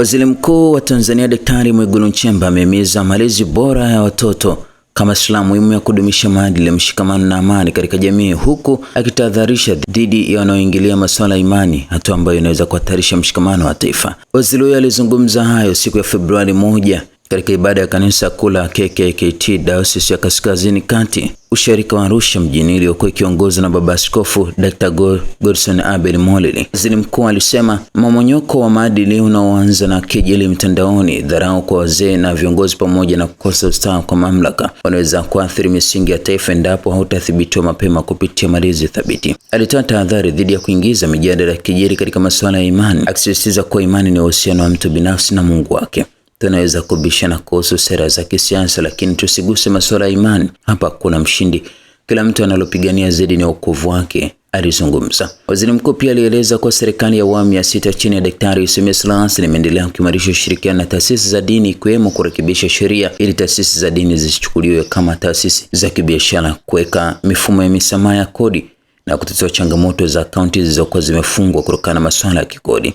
Waziri Mkuu wa Tanzania Daktari Mwigulu Nchemba amehimiza malezi bora ya watoto kama silaha muhimu ya kudumisha maadili, mshikamano na amani katika jamii, huku akitahadharisha dhidi ya wanaoingilia masuala ya imani, hatua ambayo inaweza kuhatarisha mshikamano wa taifa. Waziri huyo alizungumza hayo siku ya Februari moja katika ibada ya kanisa kuu la KKKT Dayosisi ya Kaskazini Kati ushirika wa Arusha mjini iliyokuwa ikiongozwa na baba askofu Dr. Godson Abel Molili. Waziri mkuu alisema mamonyoko wa maadili unaoanza na kejeli mtandaoni, dharau kwa wazee na viongozi, pamoja na kukosa ustawi kwa mamlaka wanaweza kuathiri misingi ya taifa endapo hautathibitiwa mapema kupitia malezi thabiti. Alitoa tahadhari dhidi ya kuingiza mijadala ya kejeli katika masuala ya imani, akisisitiza kuwa imani ni uhusiano wa mtu binafsi na Mungu wake. Tunaweza kubishana kuhusu sera za kisiasa, lakini tusiguse masuala ya imani. Hapa kuna mshindi, kila mtu analopigania zaidi ni wokovu wake, alizungumza waziri mkuu. Pia alieleza kuwa serikali ya awamu ya sita chini ya Daktari Samia Suluhu Hassan imeendelea kuimarisha ushirikiano na taasisi za dini, ikiwemo kurekebisha sheria ili taasisi za dini zisichukuliwe kama taasisi za kibiashara, kuweka mifumo ya misamaha ya kodi na kutatua changamoto za akaunti zilizokuwa zimefungwa kutokana na masuala ya kikodi.